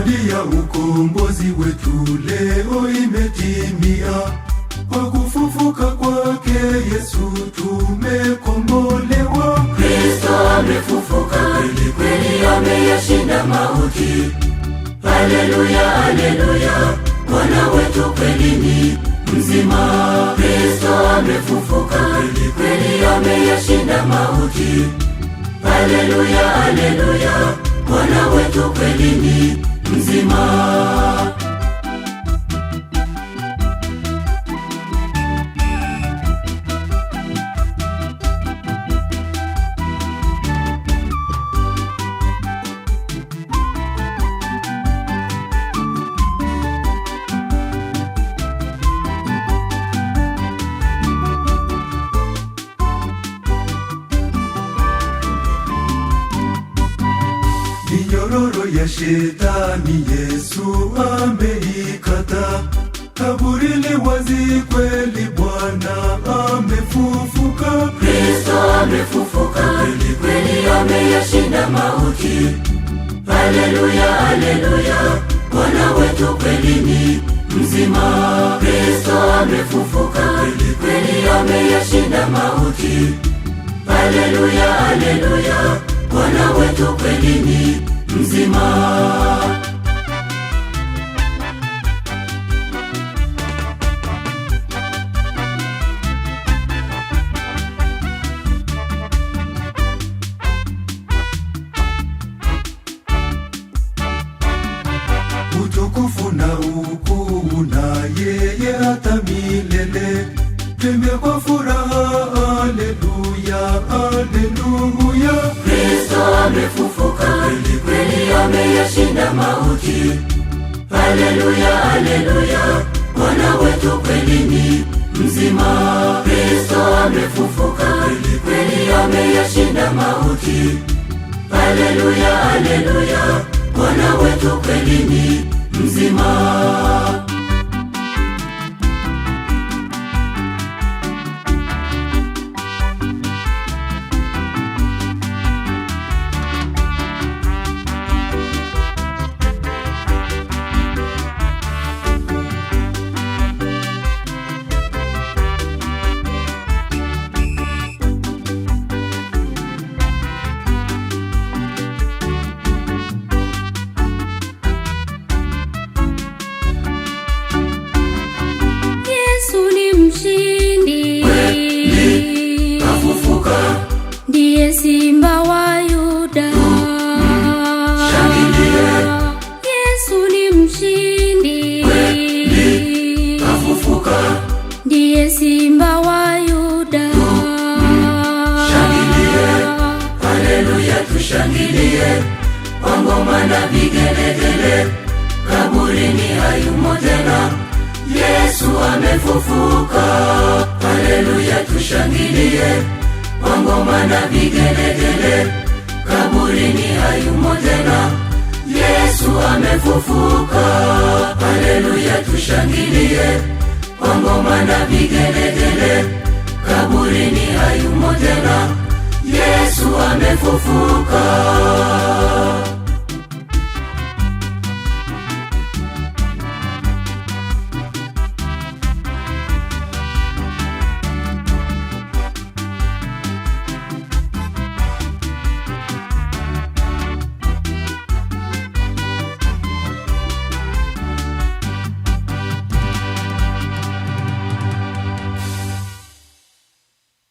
Ahadi ya ukombozi wetu leo imetimia. Kwa kufufuka kwake Yesu tumekombolewa. Kristo amefufuka, kweli kweli ameyashinda mauti. Haleluya, haleluya, Bwana wetu kweli ni mzima. Kristo amefufuka, kweli kweli ameyashinda mauti. Haleluya, haleluya, Bwana wetu kweli ni nzima ya shetani Yesu ameikata, Kaburi li wazi kweli, Bwana amefufuka. Kristo amefufuka kweli kweli, ameyashinda mauti. Haleluya, haleluya, Bwana wetu kweli ni mzima. Kristo amefufuka kweli kweli, ameyashinda mauti. Haleluya, haleluya, Bwana wetu kweli ni mzima. Utukufu na ukuu na yeye hata milele. Twimbe kwa furaha, aleluya, aleluya. Kristo amefufuka kweli kweli, ameyashinda mauti. Haleluya, haleluya, Bwana wetu kweli ni mzima. Kristo amefufuka kweli kweli, ameyashinda mauti. Haleluya, haleluya, Bwana wetu kweli ni mzima. Ndiye simba wa Yuda. Shangilie. Yesu ni mshindi. Ndiye simba wa Yuda. Haleluya tushangilie. Kwa ngoma na vigelegele. Kaburini hayumo tena. Yesu amefufuka. Haleluya tushangilie wangoma na vigelegele, kaburini hayumo tena, Yesu amefufuka, haleluya, tushangilie. Wangoma na vigelegele, kaburini hayumo tena, Yesu amefufuka